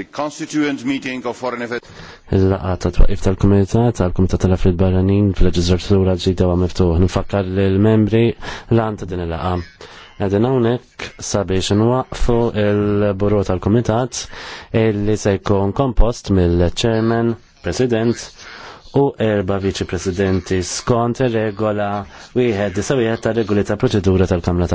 The Constituent Meeting of Foreign Affairs. Il-laqqa ta' twaqif tal-Kumitat tal-Kumitat tal afrit Barranin fil-Leġislatura ġdida wa miftuħ. Nifakkar l-membri l-għan ta' din il-laqqa. Għadin għonek sabiex nwaqfu il-buru tal-Kumitat illi se jkun kompost mill ċermen President u erba viċi presidenti skont ir-regola wieħed disa wieħed ta' regoli ta' proċedura tal-Kamra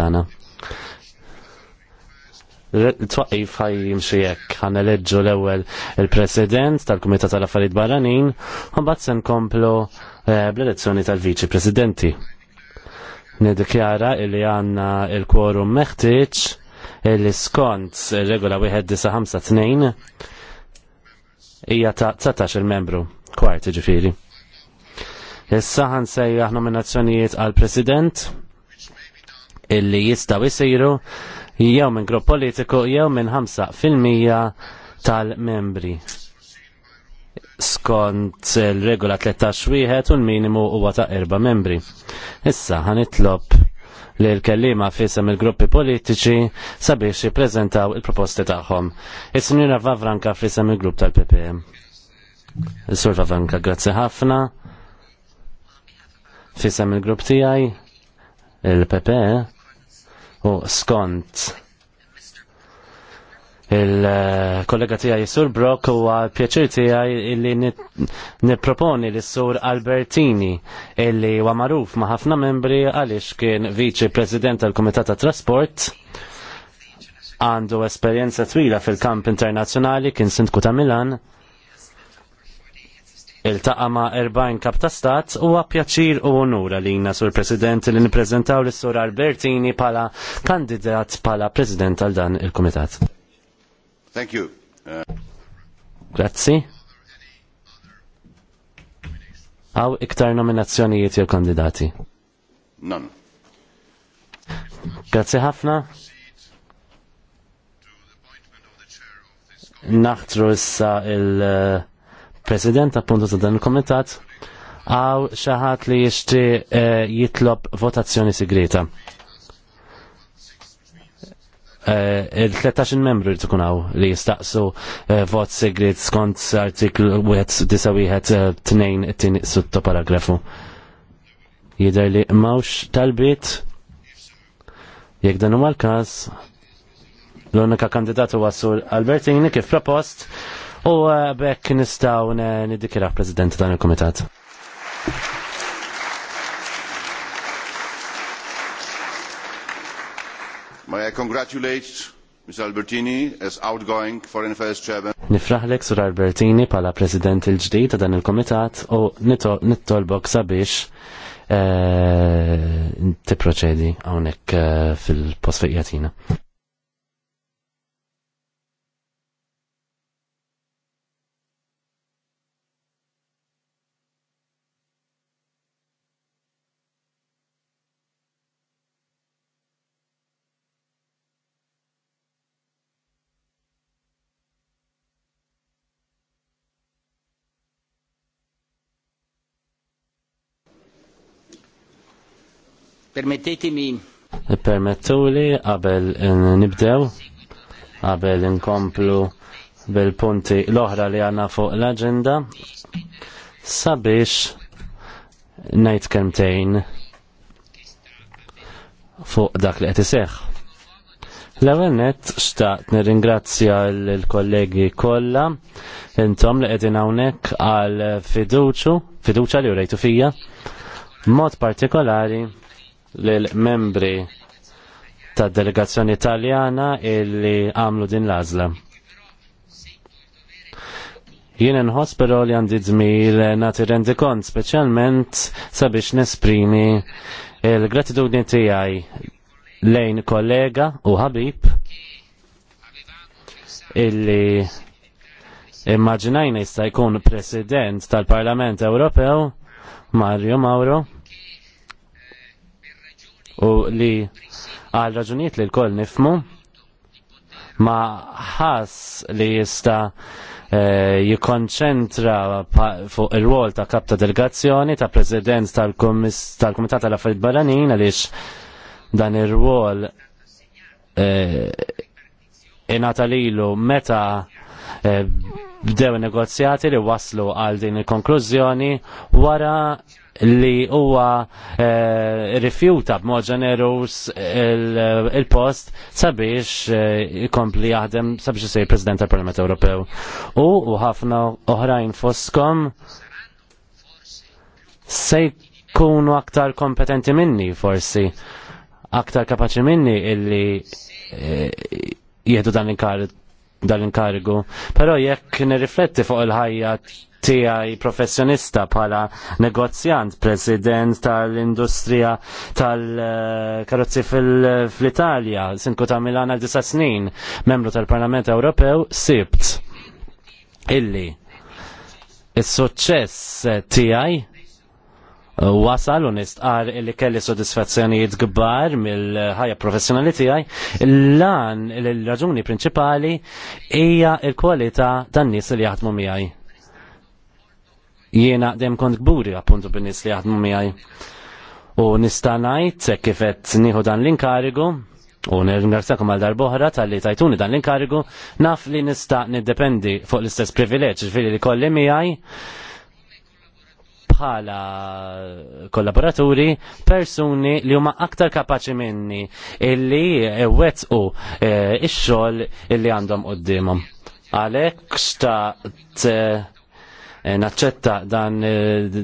twaqif ħaj jimxi jekk ħan eleġu l-ewwel il-President tal-Kumitat tal-Affarijiet Barranin u mbagħad se nkomplu eh, bl-elezzjoni tal-Viċi Presidenti. Nidikjara li għandna il-kworum meħtieġ illi skont regola wieħed disa' ħamsa tnejn hija ta' 19 il-membru kwart ġifieri. Issa ħan sejjaħ nominazzjonijiet għal President illi jistaw jisiru jew minn grupp politiku jew minn 5% tal-membri. Skont il-regola 13 wieħed u l-minimu huwa ta' erba' membri. Issa ħanitlob li l-kellima fisem il-gruppi politiċi sabiex jippreżentaw il-proposti tagħhom. Is-Sinjura Vavranka fisem il-grupp tal-PPM. Is-Sur Vavranka, grazzi ħafna. Fisem il-grupp tiegħi, il ppm e u skont il-kollega tijaj Sur Brock u għal-pjaċir tijaj li niproponi li Sur Albertini illi huwa maruf ma' ħafna membri għalix kien viċi president tal komitata Trasport għandu esperjenza twila fil-kamp internazzjonali kien sindku ta' Milan Il-taqa ma' 40 kap ta' stat u għapjaċir u onura li jina sur president li niprezentaw l sur Albertini pala kandidat pala president għal dan il-komitat. Thank you. Grazzi. Għaw iktar nominazzjonijiet jew kandidati? None. Grazzi ħafna. Naħtru issa il- uh, president appunto ta' dan il-komitat għaw xaħat li jishti eh, jitlob votazzjoni segreta. Eh, Il-13 membru li tkun għaw li jistaqsu eh, vot segret skont artiklu 91 sotto paragrafu. Jider li mawx talbit jek dan huwa l-każ l-unika kandidatu għasur Albertini kif propost u uh, bekk nistaw nidikira President dan il-Komitat. May I congratulate Ms. Albertini as outgoing Foreign Affairs Chairman. Nifraħlek sur Albertini pala President il-ġdijt ta' dan il-Komitat u nittolbok sabiex eh, tipproċedi għonek eh, fil posfejjatina Permettetemi. Permettuli qabel nibdew, qabel nkomplu bil-punti l-oħra li għanna fuq l-agenda, sabiex najt kemtejn fuq dak li għetiseħ. L-ewwel nett xtaqt nirringrazzja l-kollegi kollha intom li qegħdin hawnhekk għal fiduċu, fiduċa li u rejtu fija, mod partikolari l-membri ta' delegazzjoni italjana illi għamlu din l-azla. Jien nħoss però li għandi dmir nagħti rendi kont speċjalment sabiex nesprimi il-gratitudni tiegħi lejn kollega u ħabib illi immaġinajna jista' jkun President tal-Parlament Ewropew Mario Mauro u li għal raġunijiet li l-koll nifmu ma ħas li jista eh, jikonċentra fuq il-rol ta' kap ta' delegazzjoni ta' president tal-Komitat tal-Affarijiet Barranin għaliex dan ir-rol eh, inatalilu lilu meta eh, bdew negozjati li waslu għal din il-konklużjoni wara li huwa eh, rifjuta b'mod ġenerus il-post il sabiex eh, ikompli jaħdem sabiex isir President tal-Parlament Ewropew. U ħafna oħrajn foskom se jkunu aktar kompetenti minni forsi, aktar kapaċi minni illi eh, jieħdu dan l-inkar dal-inkarigu. Però jekk nirrifletti fuq il-ħajja tiegħi professjonista bħala negozjant, president tal-industrija tal-karozzi fl-Italja, sinku ta' Milana disa snin, membru tal-Parlament Ewropew, sibt illi is-suċċess tiegħi wasal u nistqar li kelli sodisfazzjonijiet kbar mill-ħajja professjonali tiegħi, lan l raġuni prinċipali hija l-kwalità tan-nies li jaħdmu miegħi. Jiena dem kont gburi appuntu bin-nies li jaħdmu miegħi. U nista' ngħid hekk kif qed nieħu dan l-inkarigu, U nirringrazzakom għal darboħra tal-li tajtuni dan l-inkarigu, naf li nista' niddependi fuq l-istess privileġġ, li kolli miegħi bħala kollaboraturi persuni li huma aktar kapaċi minni illi wettqu eh, ix-xogħol illi għandhom qudiemhom. Għalhekk xtaqt eh, naċċetta dan, eh,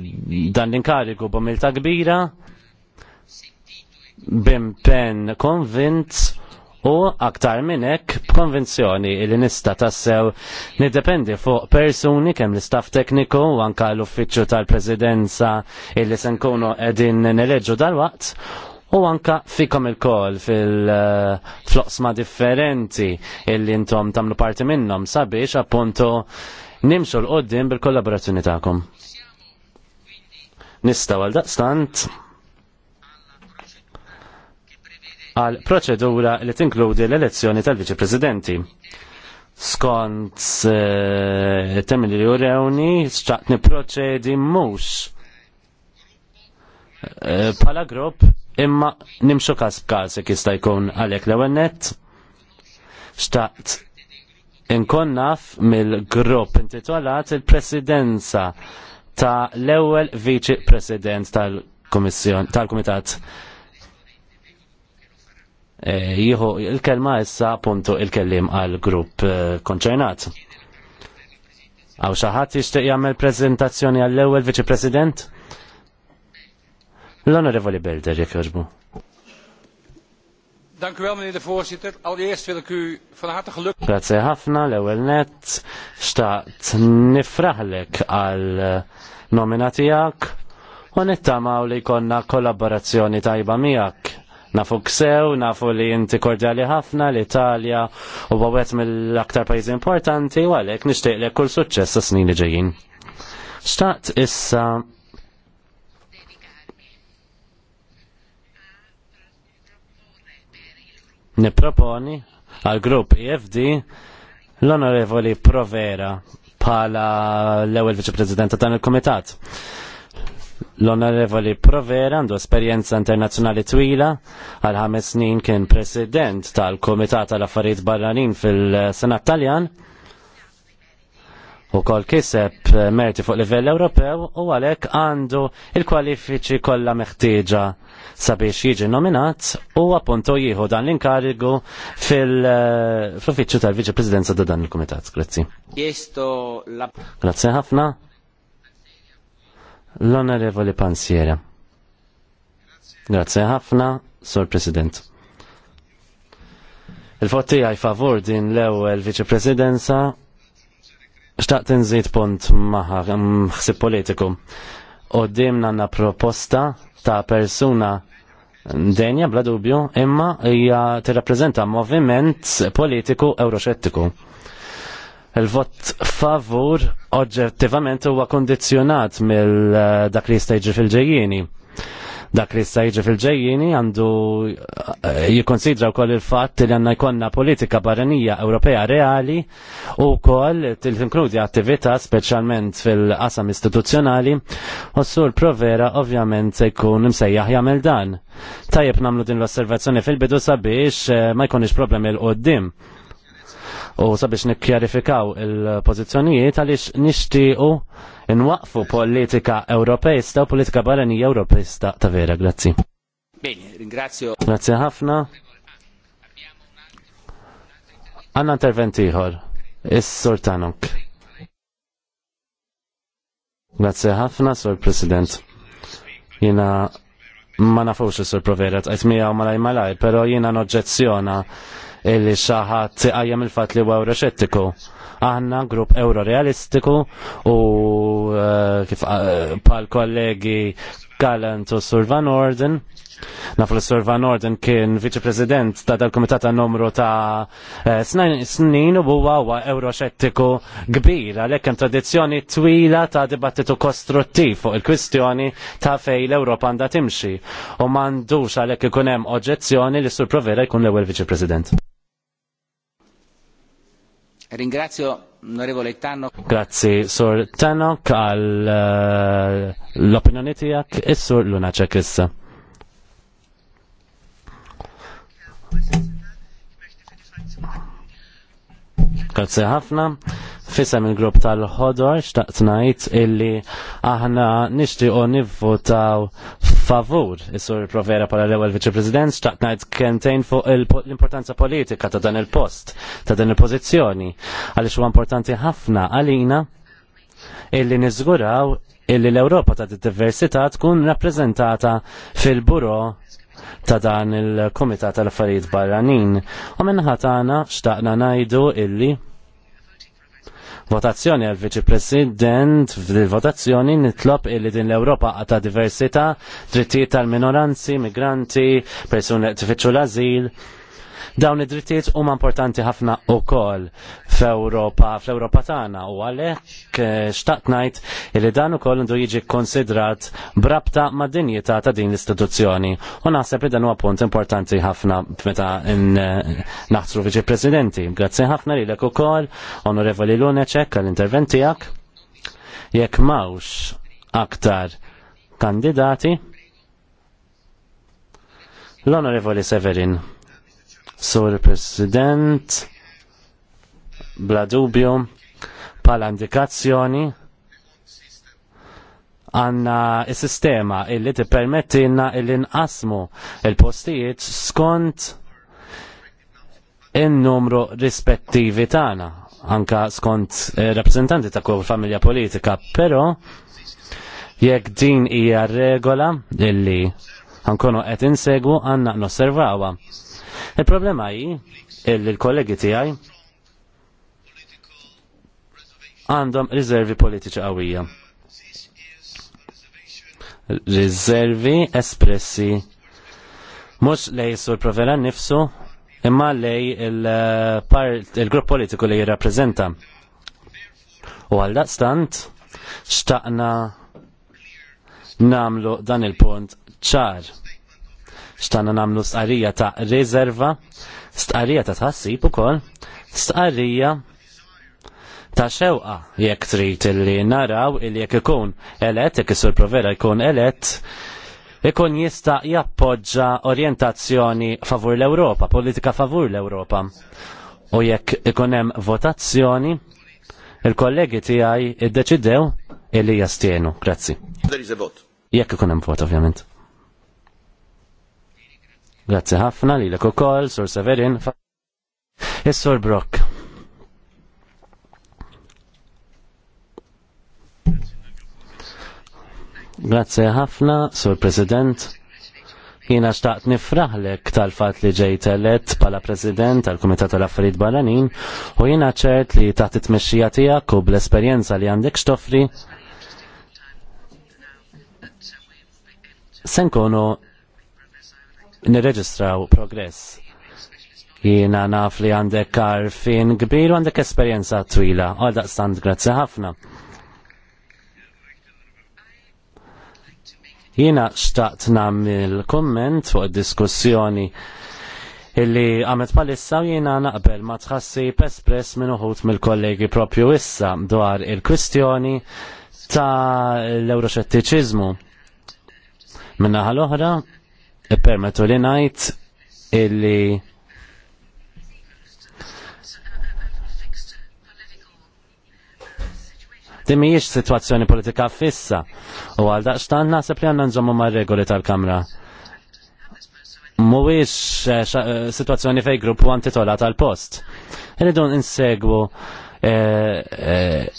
l-inkariku b'umilta kbira bimpen konvint u aktar minn hekk b'konvinzjoni li nista tassew niddependi fuq persuni kemm l-istaff tekniku u anka l-uffiċċju tal-presidenza illi se nkunu qegħdin neleġġu dalwaqt u anka fikom il-kol fil-floqsma differenti illi intom tamlu parti minnom sabiex appunto nimxu l-qoddim bil-kollaborazzjoni ta'kom. Nistaw għaldaqstant għal proċedura li tinkludi l-elezzjoni tal-Viċi Presidenti. Skont e, eh, temmi li jurewni, xċaqt niproċedi mux pala eh, grupp imma nimxu kas b'kas jek jista' jkun għalhekk l-ewwel nett. Xtaqt inkun naf mill-grupp intitolat il-presidenza ta' l-ewwel viċi president tal-Kummissjon tal-Kumitat tal kumitat Eh, jieħu il-kelma issa puntu il-kellim għal grupp eh, konċernat. Għaw xaħat jishtiq jagħmel prezentazzjoni għall-ewwel viċi President? L-Onorevoli Belder jek joġbu. Dank u wel, meneer de voorzitter. Allereerst wil ik u van harte geluk... Grazie ħafna, l-ewel net. Staat nifraħlek għal eh, nominatijak. U nittamaw li konna kollaborazzjoni tajba miegħek Nafu ksew, nafu li jinti kordjali ħafna, l-Italja u bawet mill-aktar pajjiż importanti u għalhekk nixtieq kull suċċess snin li ġejjin. Xtaqt issa niproponi għal grupp EFD l-onorevoli Provera pala l-ewel viċe-prezidenta il-komitat. L-Onorevoli Provera għandu esperjenza internazzjonali twila, għal ħames snin kien president tal-Komitat tal-Affarijiet Barranin fil-Senat Taljan, u kol kiseb merti fuq livell Ewropew u għalek għandu il-kwalifiċi kollha meħtieġa sabiex jiġi nominat u appunto jieħu dan l-inkarigu fil-uffiċċju tal-Viċi Presidenza da dan il-Kumitat. Grazzi. Grazzi ħafna. L-Onorevoli Pansiera. Grazie ħafna, Sor President. Il-fotti għaj favur din l-ewel viċe-presidenza xtaqt nżid punt maħa mħsib mm, politiku. U dimna għanna proposta ta' persuna denja bla dubju imma hija tirrappreżenta moviment politiku euroxettiku il-vot favur oġġettivament huwa kundizzjonat mill eh, dak li jista' jiġi fil-ġejjieni. Dak li jista' jiġi fil-ġejjieni għandu eh, jikkonsidra wkoll il-fatt li għandna jkollna politika barranija Ewropea reali u wkoll tinkludi attività speċjalment fil-qasam istituzzjonali u sur provera ovvjament se jkun imsejjaħ jagħmel dan. Tajjeb nagħmlu din l-osservazzjoni fil-bidu sabiex eh, ma jkunx problemi l-qoddim u sabiex nikkjarifikaw il-pozizjonijiet għaliex nixtiequ nwaqfu politika Ewropejsta u politika barani Ewropejsta ta' vera, grazzi. Bene, ringrazio. Grazie ħafna. Għanna interventiħor. Is-Sur Tanok. Grazie ħafna, Sur President. Jena ma nafux is-Sur Provera, għajt mija u malaj malaj, pero jena noġġezzjona Illi xaħat għajam il-fat li huwa xettiku. Aħna grupp eurorealistiku u eh, kif eh, pal kollegi Gallant u Survan Orden. Nafu li Survan Orden kien viċi-president ta' dal komitata numru ta' eh, snin u huwa huwa xettiku kbir għalhekk hemm tradizzjoni twila ta' dibattitu kostruttiv fuq il-kwistjoni ta' fej l-Ewropa għandha timxi u m'għandux għalhekk ikun hemm oġġezzjoni li Sur Provera jkun l-ewwel viċi-president. Ringrazio onorevole Tanno. Grazzi, Sur Tanok, għal eh, l-opinjoni tijak, e Luna issa. Grazie Hafna. Fisem il-grupp tal-ħodor xtaqt ngħid illi aħna nishtiqo nivvotaw favur is-sur provera pala l-ewwel viċi-president xtaqt ngħid kentejn fuq l-importanza politika ta' dan il-post, ta' dan il-pożizzjoni, għaliex huwa importanti ħafna għalina illi niżguraw illi l-Ewropa ta' diversità tkun rappreżentata fil-buro ta' dan il-Komitat tal-Affarijiet Barranin. U minnaħat għana xtaqna ngħidu illi votazzjoni għal viċi president fil votazzjoni nitlob illi din l-Ewropa għata diversità, drittijiet tal-minoranzi, migranti, persuni tfittxu l-azil. Dawn id-drittijiet huma importanti ħafna u fl-Europa, fl-Europa tagħna u għalhekk eh, xtaqt ngħid li dan ukoll ndu jiġi konsidrat brabta mad dinjità ta' din l-istituzzjoni. U naħseb li dan huwa punt importanti ħafna meta eh, naħsru viċi presidenti. Grazzi ħafna lilek ukoll, Onorevoli Luneċek għall-intervent tiegħek. Jekk mawx aktar kandidati, l-Onorevoli Severin. Sur President, bla dubju pala indikazzjoni għanna il-sistema illi ti permettina illi nqasmu il-postijiet skont il-numru rispettivi tagħna anka skont eh, rappresentanti ta' kull familja politika, però jekk din hija regola illi ħankunu qed insegu għandna nosservawha. Il-problema hi illi l-kollegi tiegħi għandhom riservi politiċi qawwija. Rizervi espressi mhux lej sur provera nnifsu imma lej il-grupp il politiku li jirrappreżenta. U għal daqstant xtaqna namlu dan il-punt ċar. Xtaqna namlu stqarija ta' riserva, stqarrija ta' tħassib ukoll, stqarrija ta' xewqa jekk trid illi naraw illi jekk ikun elett, jekk isur provera jkun elett, ikun jista' jappoġġa orjentazzjoni favur l-Ewropa, politika favur l-Ewropa. U jekk ikun hemm votazzjoni, il-kollegi tiegħi iddeċidew illi jastienu. Grazzi. Jekk ikun hemm vot ovvjament. Grazzi ħafna lilek ukoll, Sur Severin. Is-Sur Brock. Grazie ħafna, Sur President. Jina xtaqt nifraħlek tal-fat li ġejt elett pala President tal-Kumitat tal-Affarijiet Barranin u jina ċert li taħt it-tmexxija tiegħek u bl-esperjenza li għandek xtofri se nkunu nirreġistraw progress. Jina naf li għandek arfin kbir u għandek esperjenza twila, għal daqstant grazzi ħafna. Jiena xtaqt namil komment fuq diskussjoni illi għamet palissa u jiena naqbel ma tħassib espress minn uħut mill-kollegi propju issa dwar il-kwistjoni ta' l-euroxettiċizmu. Minna ħal-oħra, permetu li najt illi Din mhijiex sitwazzjoni politika fissa u għal daqstan naħseb li għandna nżommu mar-regoli tal-Kamra. Mhuwiex eh, eh, sitwazzjoni fej grupp għan titola tal-post. Irridu insegwu eh,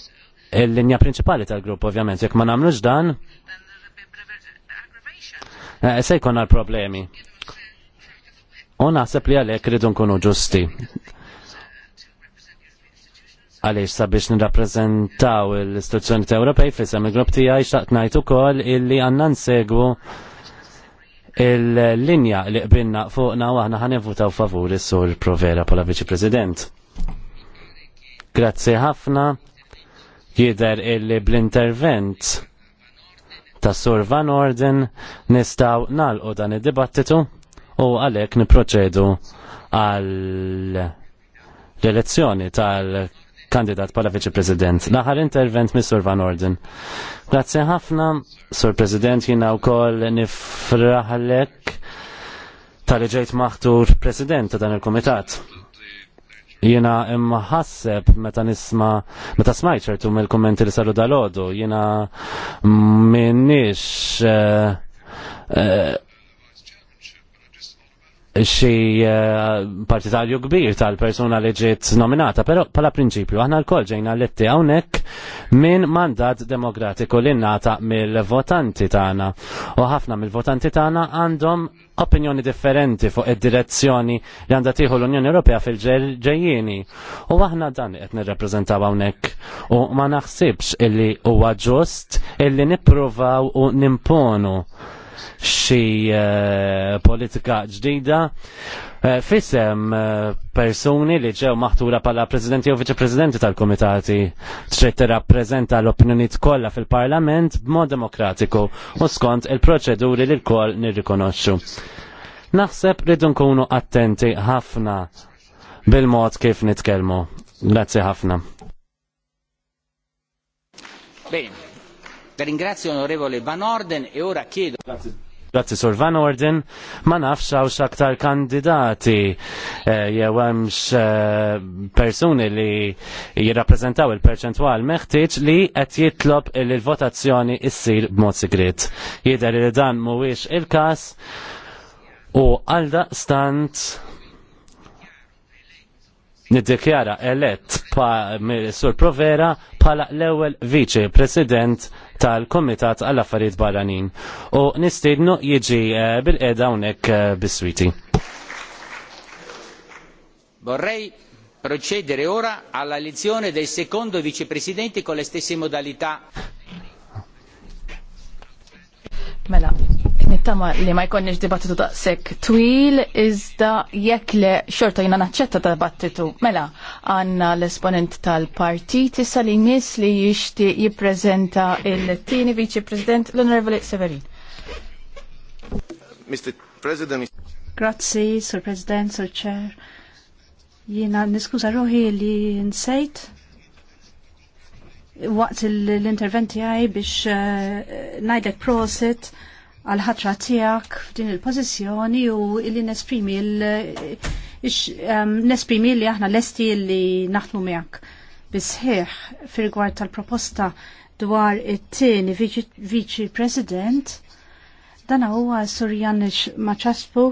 il-linja prinċipali tal-grupp ovvjament, jekk ma nagħmlux dan, se għal problemi. U naħseb li għalhekk rridu nkunu ġusti għaliex sabiex nirrappreżentaw l-istituzzjoni ta' Ewropej fissem il-grupp tiegħi xtaqt ngħid ukoll illi għandna nsegwu il-linja li qbinna fuqna u aħna ħanivvutaw favur is-sur Provera bħala Viċi President. Grazzi ħafna jider illi bl-intervent ta' Sur Van Orden nistaw nalqu dan id-dibattitu u għalek niproċedu għal l-elezzjoni tal kandidat pala viċi president. Laħar intervent mis Sur Van Orden. Grazzi ħafna, Sur President, jina u koll nifraħalek tal ġejt maħtur president ta' dan il-komitat. Jina imħasseb meta nisma, meta smajt ċertu mill-kommenti li saru dal-ħodu, jina minnix uh, uh, xi eh, partitarju kbir tal-persuna li ġiet nominata, però pala prinċipju aħna l-koll ġejna letti hawnhekk minn mandat demokratiku li nata mill-votanti tagħna. U ħafna mill-votanti tagħna għandhom opinjoni differenti fuq id-direzzjoni li għandha tieħu l-Unjoni Ewropea fil-ġejjieni. U aħna dan qed nirrappreżentaw hawnhekk u ma naħsibx illi huwa ġust illi nippruvaw u nimponu xi eh, politika ġdida eh, fisem eh, persuni li ġew maħtura pala prezidenti jew viċe tal-komitati trid tirrappreżenta l-opinjonijiet kollha fil-Parlament b'mod demokratiku u skont il-proċeduri li l nirrikonoxxu. Naħseb rridu nkunu attenti ħafna bil-mod kif nitkellmu. Grazzi ħafna. Bene, ringrazio onorevole Van Orden e ora chiedo... Grazie. Grazzi Sur Van Orden, ma nafx hawn aktar kandidati eh, jew hemmx eh, persuni li jirrappreżentaw il-perċentwal meħtieġ li qed jitlob il votazzjoni issir b'mod segret. Jidher li dan mhuwiex il-każ u għal daqstant niddikjara elett pa sur Provera pala l-ewwel vice president tal-Komitat għall affarijiet Barranin u nistednu jiġi eh, bil-qeda hawnhekk eh, bis-switi. Vorrei procedere ora alla elezione del secondo vicepresidente con le stesse modalità. Mela, nittama li ma jkonniex dibattitu daqshekk twil, iżda jekk le xorta jina naċċetta ta' dibattitu. Mela, għanna l-esponent tal-partit issa li jmiss li jixti jippreżenta il-tieni viċi president l-Onorevoli Severin. Mr. President. Grazzi, Sir President, Sir Chair. Jina niskuża ruħi li nsejt waqt l-interventi għaj biex eh, najdek prosit għal-ħatra tijak f'din il-pozizjoni u illi nesprimi nesprimi li aħna l-esti li naħdmu miegħek bisħiħ fil-gwar tal-proposta dwar it-tieni viċi president dan huwa Surjanic Maċaspu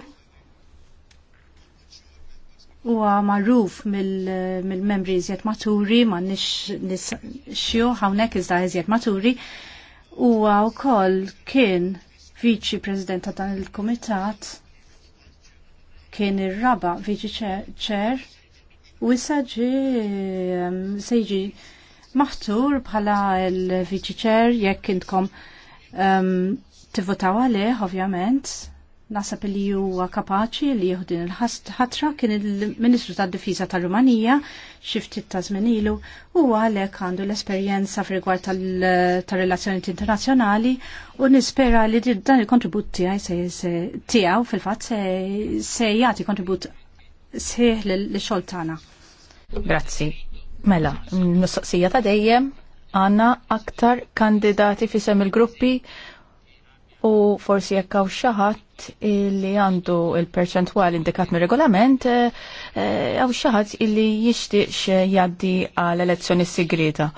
huwa magħruf mill-membri iżjed maturi ma nix hawnhekk iżda iżjed maturi huwa wkoll kien viċi president ta' dan il-kumitat kien ir-raba viċi ċer u issa jiġi maħtur bħala l-viċi ċer jekk intkom tivvotaw għalih ovvjament Nasab li huwa kapaċi li jieħdin il-ħatra kien il-Ministru tad-Difiża tal-Rumanija xi ftit ta' żminilu u għalhekk għandu l-esperjenza f'rigward tal-relazzjoni internazzjonali u nispera li dan il-kontribut tiegħi se tiegħu fil-fatt se jagħti kontribut sħiħ l-xogħol tagħna. Grazzi. Mela, mistoqsija ta' dejjem għandna aktar kandidati fisem il-gruppi u forsi jekk hawn xi ħadd li għandu il-perċentwal indikat mir-regolament għaw eh, eh, xi ħadd illi jishtiqx jgħaddi għal elezzjoni segreta.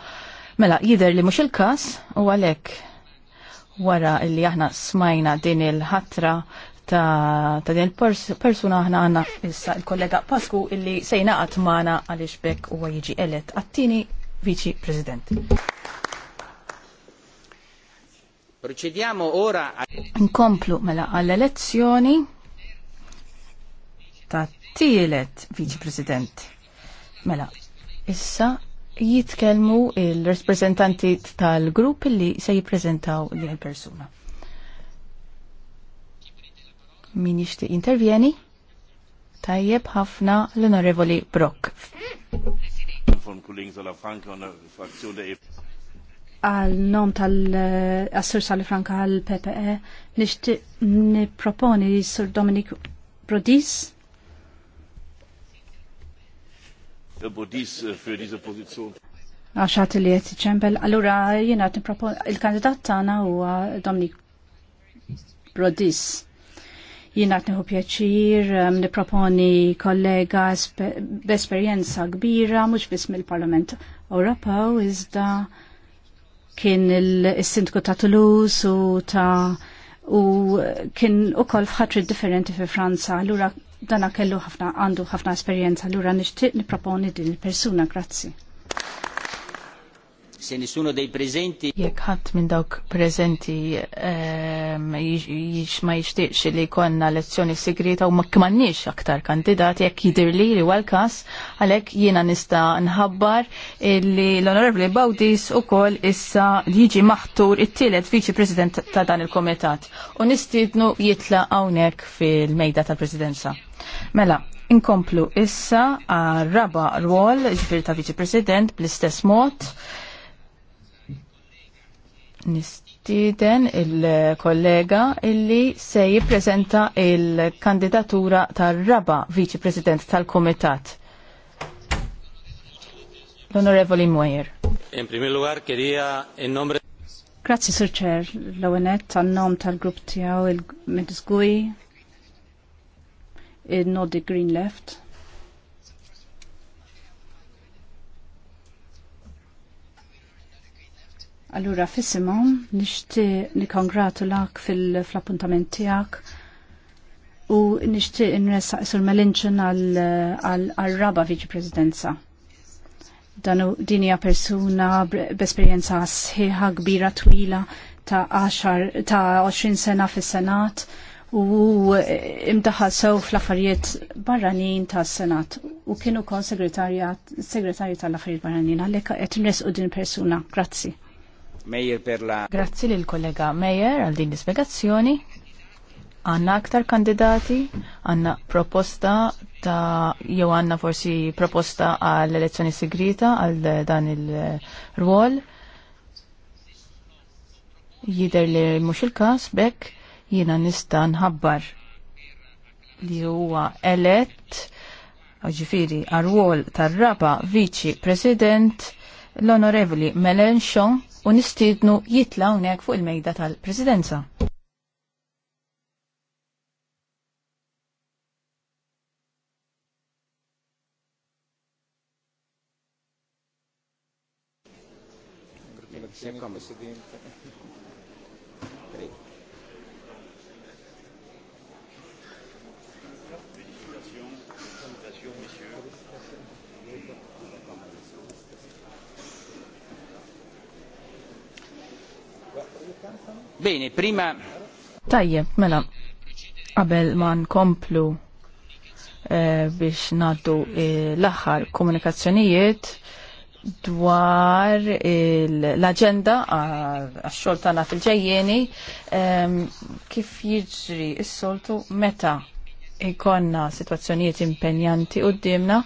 Mela jidher li mhux il-każ u għalhekk wara li aħna smajna din il-ħatra ta', ta din persuna aħna għanna issa il-kollega Pasku illi sejna għatmana għalix bekk u għajġi elet għattini viċi prezident. Procediamo ora a... Nkomplu mela għall-elezzjoni ta' tielet viċi president. Mela, issa jitkellmu il-rappresentanti tal-grupp li se jippreżentaw li l-persuna. Min jixtieq intervjeni? Tajjeb ħafna l-Onorevoli Brock għal nom tal-assur eh, Sali Franka għal PPE nishtiq niproponi sur Dominik Brodis. Brodis eh, für diese pozizjon. Għaxħat li jett ċempel. Allura jena niproponi il-kandidat tana u Dominik Brodis. Jina għatniħu pjaċir, eh, niproponi kollega b'esperjenza kbira, mux bismi il-Parlament Europa, u iżda kien il-sindku ta' Toulouse u ta' u kien u kol fħatri differenti fi Franza, l-ura dana kellu ħafna għandu ħafna esperienza, l-ura nishtiq niproponi din il-persuna, grazzi se nessuno dei presenti jekk ħadd minn dawk preżenti ehm, ma jixtieqx li jkollna lezzjoni segreta u ma kmanniex aktar kandidat jekk jidirli li huwa l-każ għalhekk jiena nista' nħabbar li l-Onorevoli Bawdis ukoll issa jiġi maħtur it-tielet viċi President ta' dan il-Komitat u nistiednu jitla' hawnhekk fil-mejda tal-Presidenza. Mela, inkomplu issa għal raba rwol, ġifir ta' viċi president, bl-istess mod, Nistiden il-kollega illi se jipprezenta il-kandidatura tal-raba viċi president tal-komitat. L-Onorevoli Mwajer. In primi lugar, kerija in nombre. Grazzi, Sir Chair. L-ONET, tan-nom tal-grupp tijaw il-Medisgui, il-Nodi Green Left Allura fissimo, nishti nikongratulak fil-appuntament tijak u nishti nresa sur Melinchen għal-raba viċi prezidenza. Danu dinja persuna b'esperjenza sħiħa kbira twila ta' 10 ta' 20 sena fis-senat u imdaħal sew fl-affarijiet barranin tas senat u kienu kon segretarju tal-affarijiet barranin għalhekk qed nresqu din persuna. Grazzi. Meyer per la... Grazzi lil kollega Meyer għal din l-ispiegazzjoni. Għanna aktar kandidati, għanna proposta ta' jew għanna forsi proposta għal elezzjoni segreta għal dan il-rwol. Jider li mux il-kas, bekk jina nista nħabbar li huwa elett ġifiri għal-rwol tar-raba viċi president l-onorevoli Melenchon u nistiednu jitla hawnhekk fuq il-mejda tal-Presidenza. Grazie, Presidente. Bene, prima. Tajje, mela, qabel ma nkomplu eh, biex naddu eh, l-aħħar komunikazzjonijiet dwar l-agenda għax-xogħol ta' fil-ġejjeni kif jiġri s-soltu meta ikonna situazzjonijiet impenjanti qudiemna.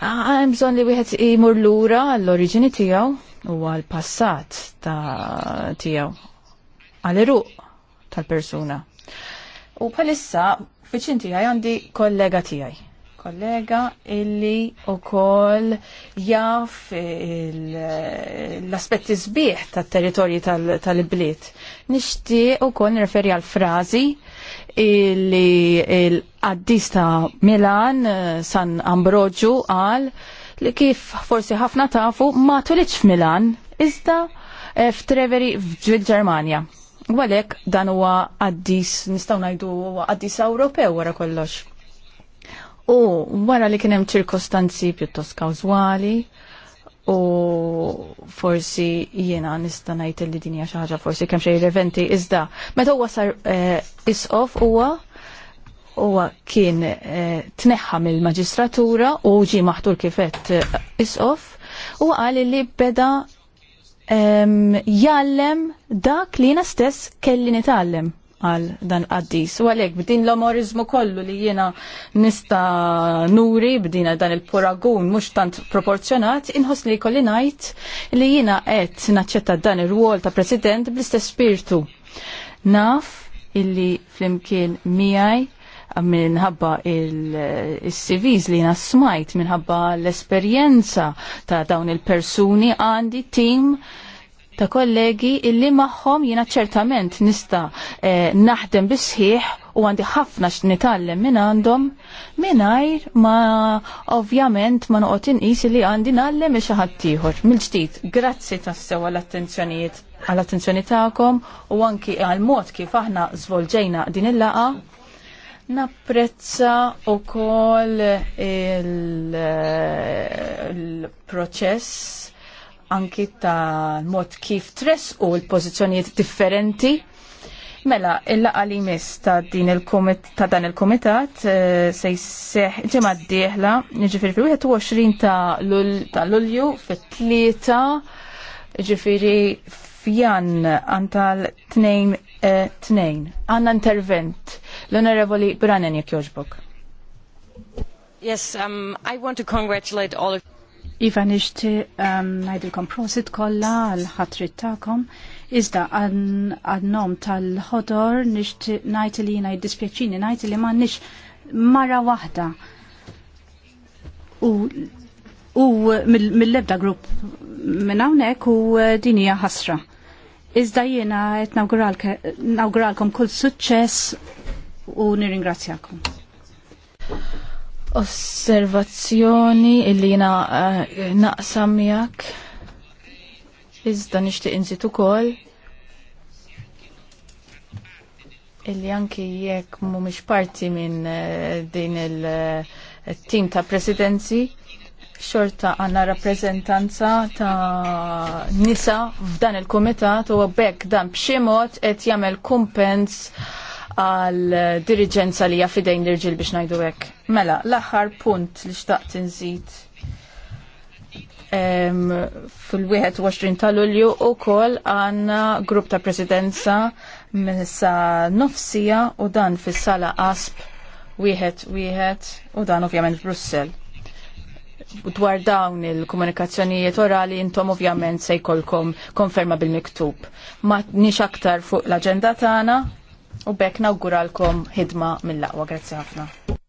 Ah, hemm bżonn li wieħed imur lura l-oriġini tiegħu u għal-passat ta' tijaw, għal Iruq tal-persuna. U palissa, fiċin tijaj għandi kollega tijaj. Kollega illi u koll jaf l-aspetti zbieħ tat territorji tal-bliet. Tal Nishti u koll nireferi għal-frazi illi l-addista Milan eh, San Ambrogio għal li kif forsi ħafna tafu ma tulitx f'Milan iżda eh, f'Treveri f'Ġermanja. Għalek dan huwa għaddis nistgħu ngħidu għaddis Ewropew wara kollox. U wara li kien hemm ċirkostanzi pjuttost kawżwali, u forsi jiena nista' najt li dinja xi ħaġa forsi kemm xejn reventi iżda meta huwa sar eh, isqof huwa huwa kien eh, tneħħa mill-maġistratura u ġi maħtur kifet eh, isqof u qal li beda jallem dak li jiena stess kelli nitgħallem għal dan qaddis. U għalek, b'din l-omorizmu kollu li jiena nista nuri b'dina dan il-poragun mux tant proporzjonat, inħos li kolli najt li jiena qed naċċetta dan ir-ruol ta' president bl-istess spiritu. Naf illi flimkien miegħi minħabba il-CVs li nasmajt minħabba l-esperjenza ta' dawn il-persuni għandi tim ta' kollegi illi maħħom jina ċertament nista eh, naħdem bisħiħ u għandi ħafna x'nitallem minn għandhom mingħajr ma ovvjament ma noqgħod inqis li għandi nallem xi ħadd ieħor. Mill-ġdid, grazzi tassew għall-attenzjonijiet għall-attenzjoni tagħkom u anki għal mod kif aħna żvolġejna din il-laqa Napprezza u koll il-proċess eh, anki ta' mod kif tres u l pozizjoniet differenti. Mela, il-laqa li mis ta' din il ta' dan il-komitat eh, se jisseħ ġemma d-dieħla, ġifiri fil-21 ta' lulju fit-tlieta, ġifiri f'jan għantal 2-2. Eh, Għanna intervent L-Onorevoli Buranen jek joġbok. Yes, um, I want to congratulate all of Iva nixti um, najdilkom prosit kolla għal-ħatrit ta'kom. Iżda għad-nom tal-ħodor nixti najt li jina jiddispieċini, najt li ma nix mara wahda. U mill-lebda grupp minn hawnhekk u uh, dinija ħasra. Iżda jiena qed nawguralkom kull suċċess u nirringrazzjakom. Osservazzjoni illi jina uh, naqsam jak, iżda nishtiq inżitu kol, illi anki jekk mhumiex parti minn eh, din il-tim eh, ta' presidenzi, xorta għanna rappresentanza ta' nisa f'dan il-komitat u bekk dan b'xi mod qed jagħmel kumpens għal dirigenza li jaffidejn l-irġil biex najdu hekk. Mela, l-aħħar punt li xtaqt nżid fil-21 ta' Lulju u kol għanna grupp ta' presidenza sa nofsija u dan fis sala ASP wieħed wieħed u dan ovvjament Brussel. Dwar dawn il-komunikazzjonijiet orali intom ovvjament se jkollkom konferma bil-miktub. Ma nix aktar fuq l-agenda tagħna, U bekk nawguralkom ħidma mill-laqwa. Grazzi ħafna.